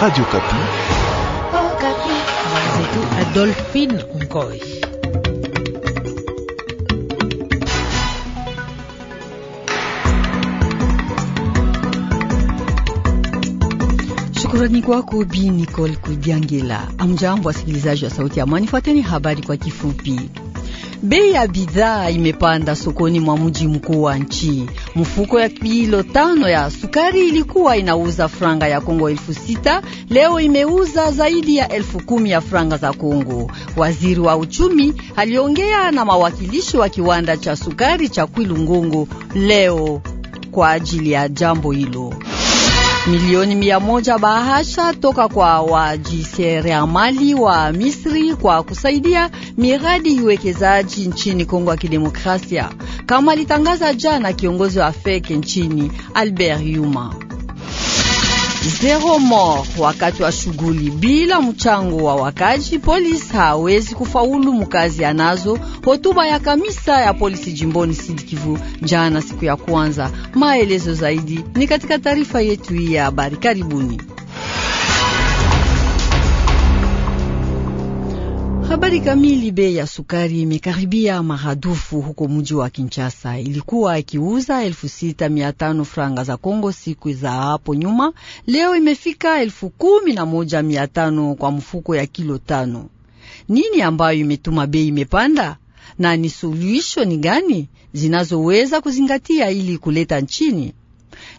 Radio Kapi. Oh, Kapi. Adolphine Ngoy. Shukurani kwako Bi Nicole Kudiangela. Amjambo wasikilizaji wa Sauti ya Amani, fuateni habari kwa kifupi. Bei ya bidhaa imepanda sokoni mwa mji mkuu wa nchi. Mfuko ya kilo tano ya sukari ilikuwa inauza franga ya Kongo elfu sita leo imeuza zaidi ya elfu kumi ya franga za Kongo. Waziri wa uchumi aliongea na mawakilishi wa kiwanda cha sukari cha Kwilu Ngongo leo kwa ajili ya jambo hilo. Milioni mia moja bahasha toka kwa wajasiriamali wa Misri kwa kusaidia miradi iwekezaji nchini Kongo ya Kidemokrasia, kama alitangaza jana kiongozi wa feke nchini Albert Yuma zero more wakati wa shughuli. Bila mchango wa wakaji, polisi hawezi kufaulu mukazi anazo. Hotuba ya kamisa ya polisi jimboni Sud jana siku ya kwanza. Maelezo zaidi ni katika taarifa yetu hii ya habari. Karibuni. Habari kamili. Bei ya sukari imekaribia maradufu huko mji wa Kinshasa. Ilikuwa ikiuza 6500 franga za Kongo siku za hapo nyuma, leo imefika 11500 kwa mfuko ya kilo tano. Nini ambayo imetuma bei imepanda na ni suluhisho ni gani zinazoweza kuzingatia ili kuleta nchini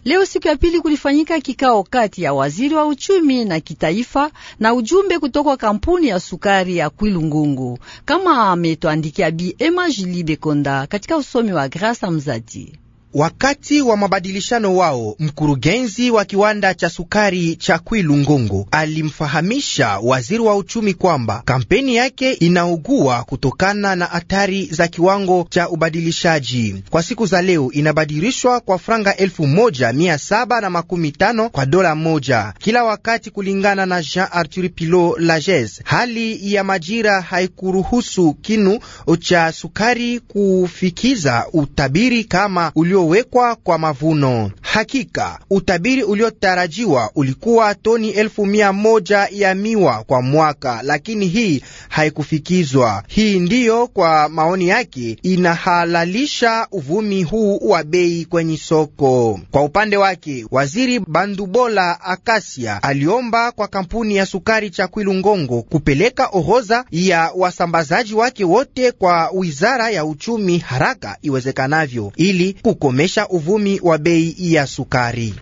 Leo siku ya pili kulifanyika kikao kati ya waziri wa uchumi na kitaifa na ujumbe kutoka kampuni ya sukari ya Kwilungungu, kama ametuandikia Bi Emma Julie Bekonda katika usomi wa Grasa Mzati. Wakati wa mabadilishano wao, mkurugenzi wa kiwanda cha sukari cha Kwilu Ngongo alimfahamisha waziri wa uchumi kwamba kampeni yake inaugua kutokana na athari za kiwango cha ubadilishaji. Kwa siku za leo inabadilishwa kwa franga elfu moja mia saba na makumi tano kwa dola moja kila wakati, kulingana na Jean Arthur Pilo Lages. Hali ya majira haikuruhusu kinu cha sukari kufikiza utabiri kama ulio yaliyowekwa kwa mavuno. Hakika utabiri uliotarajiwa ulikuwa toni elfu mia moja ya miwa kwa mwaka, lakini hii haikufikizwa. Hii ndiyo kwa maoni yake inahalalisha uvumi huu wa bei kwenye soko. Kwa upande wake, waziri Bandubola Akasia aliomba kwa kampuni ya sukari cha Ngongo kupeleka orodha ya wasambazaji wake wote kwa wizara ya uchumi haraka iwezekanavyo ili kuko kukomesha uvumi wa bei ya sukari.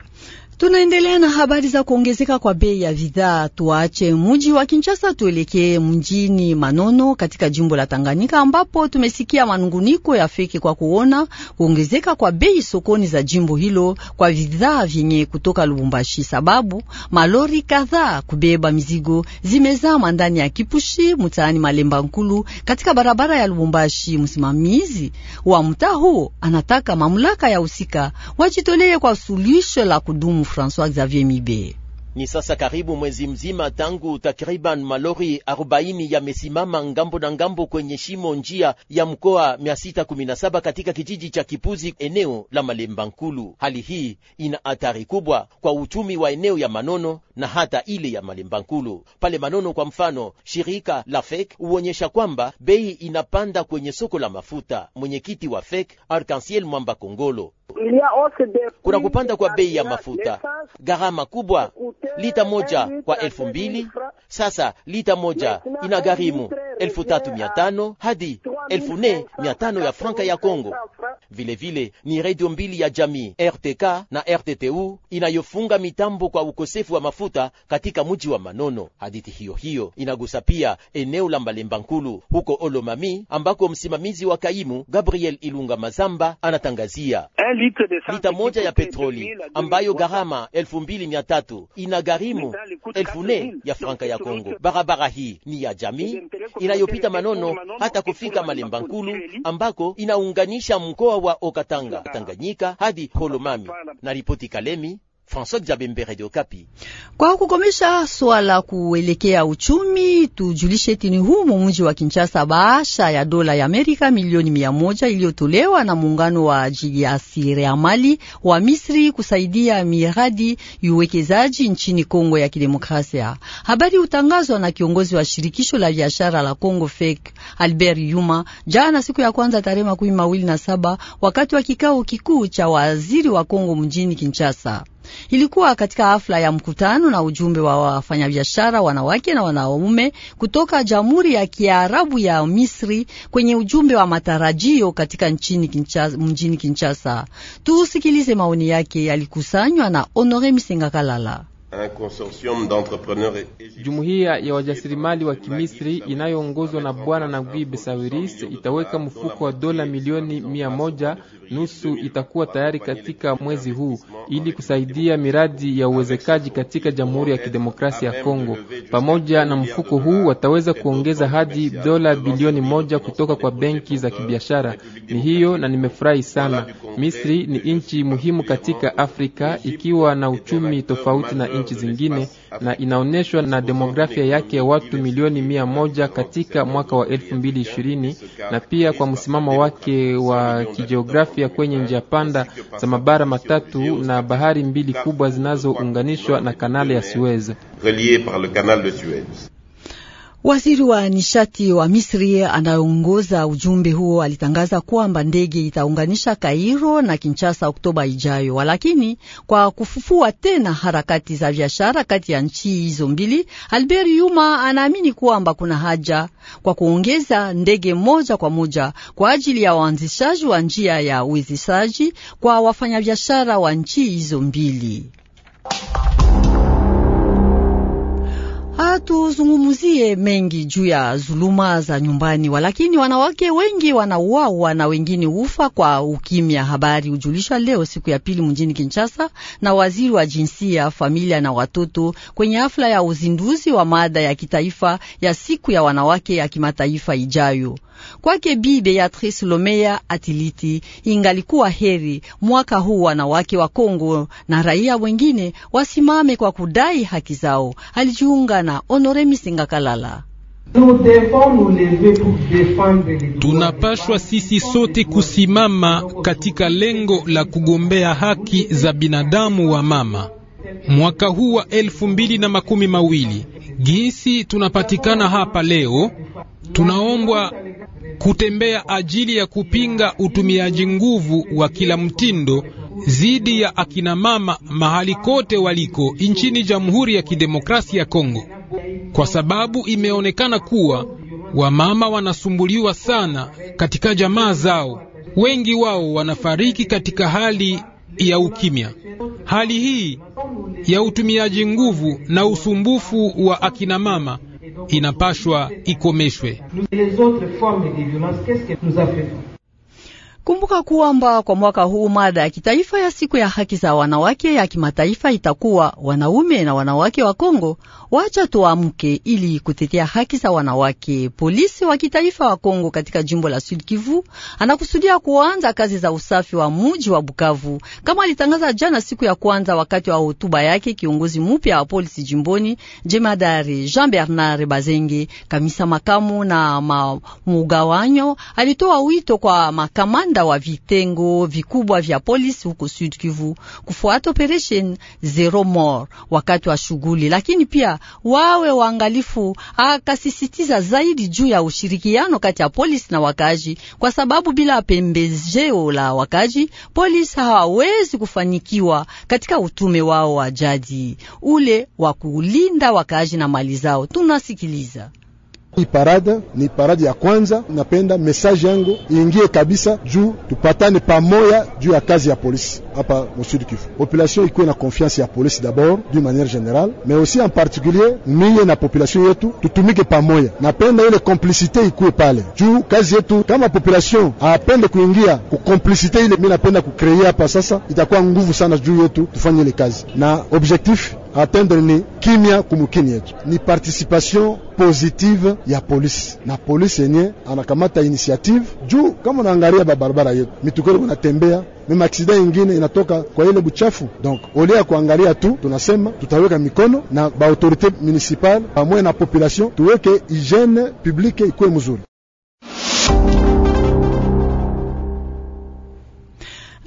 Tunaendelea na habari za kuongezeka kwa bei ya bidhaa. Tuache mji wa Kinshasa tuelekee mjini Manono katika jimbo la Tanganyika, ambapo tumesikia manunguniko ya feki kwa kuona kuongezeka kwa bei sokoni za jimbo hilo kwa bidhaa vyenye kutoka Lubumbashi, sababu malori kadhaa kubeba mizigo zimezama ndani ya kipushi mtaani Malemba Nkulu katika barabara ya Lubumbashi. Msimamizi wa mtaa huo anataka mamlaka ya husika wajitolee kwa suluhisho la kudumu Francois Xavier Mibe. Ni sasa karibu mwezi mzima tangu takriban malori 40 yamesimama ngambo na ngambo kwenye shimo njia ya mkoa 617 katika kijiji cha Kipuzi, eneo la Malemba Nkulu. Hali hii ina athari kubwa kwa uchumi wa eneo ya Manono na hata ile ya Malemba Nkulu. Pale Manono kwa mfano, shirika la FEC huonyesha kwamba bei inapanda kwenye soko la mafuta. Mwenyekiti wa FEC Arkansiel Mwamba Kongolo kuna kupanda kwa bei ya mafuta, gharama kubwa. Lita moja kwa elfu mbili sasa lita moja ina gharimu elfu tatu mia tano hadi elfu nne mia tano ya franka ya congo vilevile vile, ni redio mbili ya jamii RTK na RTTU inayofunga mitambo kwa ukosefu wa mafuta katika mji wa Manono. Hadithi hiyo hiyo inagusa pia eneo la Mbalemba Nkulu huko Olomami, ambako msimamizi wa kaimu Gabriel Ilunga Mazamba anatangazia lita moja ya petroli ambayo gharama elfu mbili mia tatu ina gharimu elfu nne ya franka ya Kongo. Barabara hii ni ya jamii eh inayopita Manono hata kufika Malemba Nkulu ambako inaunganisha mkoa wa Okatanga, Tanganyika hadi Holomami na ripoti Kalemi. François Diabembe, Radio Kapi. Kwa kukomesha swala kuelekea uchumi, tujulishe tini humo mji wa Kinshasa baasha ya dola ya Amerika milioni mia moja iliyotolewa na muungano wa ajili ya mali wa Misri kusaidia miradi uwekezaji nchini Kongo ya Kidemokrasia. Habari utangazwa na kiongozi wa shirikisho la biashara la Kongo FEC Albert Yuma jana siku ya kwanza tarehe makumi mawili na saba wakati wa kikao kikuu cha waziri wa Kongo mjini Kinshasa. Ilikuwa katika hafla ya mkutano na ujumbe wa wafanyabiashara wanawake na wanaume kutoka Jamhuri ya Kiarabu ya Misri kwenye ujumbe wa matarajio katika nchini Kinshasa, mjini Kinshasa. Tusikilize maoni yake yalikusanywa na Honore Misenga Kalala. Jumuiya ya wajasirimali wa Kimisri inayoongozwa na Bwana Naguib Sawiris itaweka mfuko wa dola milioni mia moja nusu itakuwa tayari katika mwezi huu ili kusaidia miradi ya uwezekaji katika Jamhuri ya Kidemokrasia ya Kongo. Pamoja na mfuko huu wataweza kuongeza hadi dola bilioni moja kutoka kwa benki za kibiashara. Ni hiyo na nimefurahi sana. Misri ni nchi muhimu katika Afrika ikiwa na uchumi tofauti na nchi zingine na inaonyeshwa na demografia yake ya watu milioni mia moja katika mwaka wa elfu mbili ishirini na pia kwa msimamo wake wa kijiografia kwenye njia panda za mabara matatu na bahari mbili kubwa zinazounganishwa na kanali ya Suez. Waziri wa nishati wa Misri anayeongoza ujumbe huo alitangaza kwamba ndege itaunganisha Kairo na Kinshasa Oktoba ijayo, walakini kwa kufufua tena harakati za biashara kati ya nchi hizo mbili. Albert Yuma anaamini kwamba kuna haja kwa kuongeza ndege moja kwa moja kwa ajili ya waanzishaji wa njia ya uwezeshaji kwa wafanyabiashara wa nchi hizo mbili. tusikie mengi juu ya zuluma za nyumbani, walakini wanawake wengi wanauawa na wengine ufa kwa ukimya. Habari hujulishwa leo siku ya pili mjini Kinshasa na waziri wa jinsia, familia na watoto kwenye hafla ya uzinduzi wa mada ya kitaifa ya siku ya wanawake ya kimataifa ijayo. Kwake Bi Beatrice Lomea Atiliti, ingalikuwa heri mwaka huu wanawake wa Kongo na raia wengine wasimame kwa kudai haki zao. Alijiunga na Honore Misingakala. Kalala. Tunapashwa sisi sote kusimama katika lengo la kugombea haki za binadamu wa mama mwaka huu wa elfu mbili na makumi mawili. Jinsi tunapatikana hapa leo, tunaombwa kutembea ajili ya kupinga utumiaji nguvu wa kila mtindo dhidi ya akina mama mahali kote waliko nchini Jamhuri ya Kidemokrasia ya Kongo kwa sababu imeonekana kuwa wamama wanasumbuliwa sana katika jamaa zao. Wengi wao wanafariki katika hali ya ukimya. Hali hii ya utumiaji nguvu na usumbufu wa akina mama inapashwa ikomeshwe. Kumbuka kuwamba kwa mwaka huu mada ya kitaifa ya siku ya haki za wanawake ya kimataifa itakuwa wanaume na wanawake wa Kongo, wacha tuamke ili kutetea haki za wanawake. Polisi wa kitaifa wa Kongo katika jimbo la Sud Kivu anakusudia kuanza kazi za usafi wa muji wa Bukavu kama alitangaza jana, siku ya kwanza, wakati wa hotuba yake kiongozi mupya wa polisi jimboni jemadari Jean Bernard Bazenge. Kamisa makamu na mugawanyo alitoa wito kwa makamanda kamanda wa vitengo vikubwa vya polisi huko Sud Kivu kufuata operation zero more wakati wa shughuli, lakini pia wawe waangalifu. Akasisitiza zaidi juu ya ushirikiano kati ya polisi na wakaji, kwa sababu bila pembejeo la wakaji polisi hawawezi kufanikiwa katika utume wao wa jadi ule wa kulinda wakaji na mali zao. Tunasikiliza. Hii parada ni parada ya kwanza. Napenda mesaje yangu iingie kabisa juu tupatane pamoya juu ya kazi ya polisi hapa Sud Kivu. Population ikuwe na konfiansi ya polisi dabord d'une manière générale mais aussi en particulier miye na population yetu tutumike pamoja. Napenda ile komplisite ikuwe pale juu kazi yetu, kama population apende kuingia kukomplisite ile, mi napenda kukreye hapa sasa, itakuwa nguvu sana juu yetu tufanye ile kazi, na objectif atendre ni kimya kumukini yetu ni participation positive ya polisi na polisi yenye anakamata initiative juu, kama naangalia babarabara yetu mitukeli kunatembea mema aksida ingine inatoka kwa ile buchafu. Donc ole ya kuangalia tu, tunasema tutaweka mikono na baautorite municipale pamoja na population, tuweke hygiene publique ikuwe mzuri.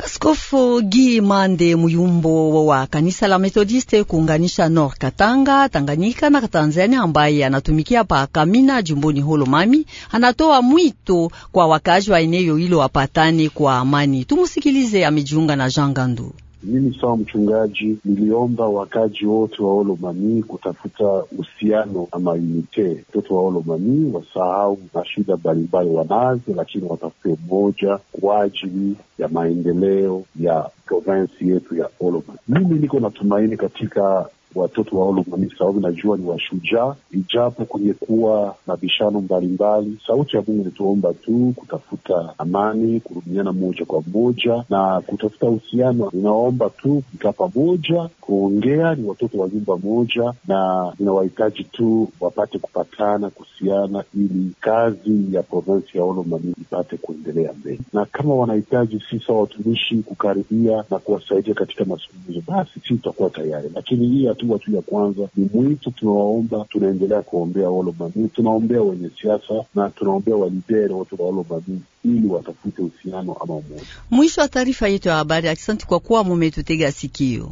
Askofu Gi Mande Muyumbo wa kanisa la metodiste kuunganisha Nord Katanga, Tanganyika na Tanzania, ambaye anatumikia pa Kamina jumboni Holomami, anatoa mwito kwa wakaji wa eneo hilo wapatane kwa amani. Tumusikilize, amejiunga na Jean Gandu. Mimi sawa mchungaji, niliomba wakaji wote wa Olomami kutafuta uhusiano na unite. Watoto wa Olomami wasahau na shida mbalimbali wanazo, lakini watafute umoja kwa ajili ya maendeleo ya provensi yetu ya Olomami. Mimi niko natumaini katika watoto wa Olomani sababu najua ni washujaa, ijapo kwenye kuwa bishano mbalimbali. Sauti ya Mungu inatuomba tu kutafuta amani, kurudiana moja kwa moja na kutafuta uhusiano. Inaomba tu kukaa pamoja, kuongea. Ni watoto wa nyumba moja, na inawahitaji tu wapate kupatana, kuhusiana, ili kazi ya provinsi ya Olomani ipate kuendelea mbele, na kama wanahitaji sisi watumishi kukaribia na kuwasaidia katika mazungumzo, basi si tutakuwa tayari, lakini hii hatua tu ya kwanza ni mwito, tunawaomba, tunaendelea kuombea Olomami, tunaombea wenye siasa na tunaombea walidere watu wa Olomami ili watafute uhusiano ama umoja. Mwisho wa taarifa yetu ya habari. Asante kwa kuwa mumetutega sikio.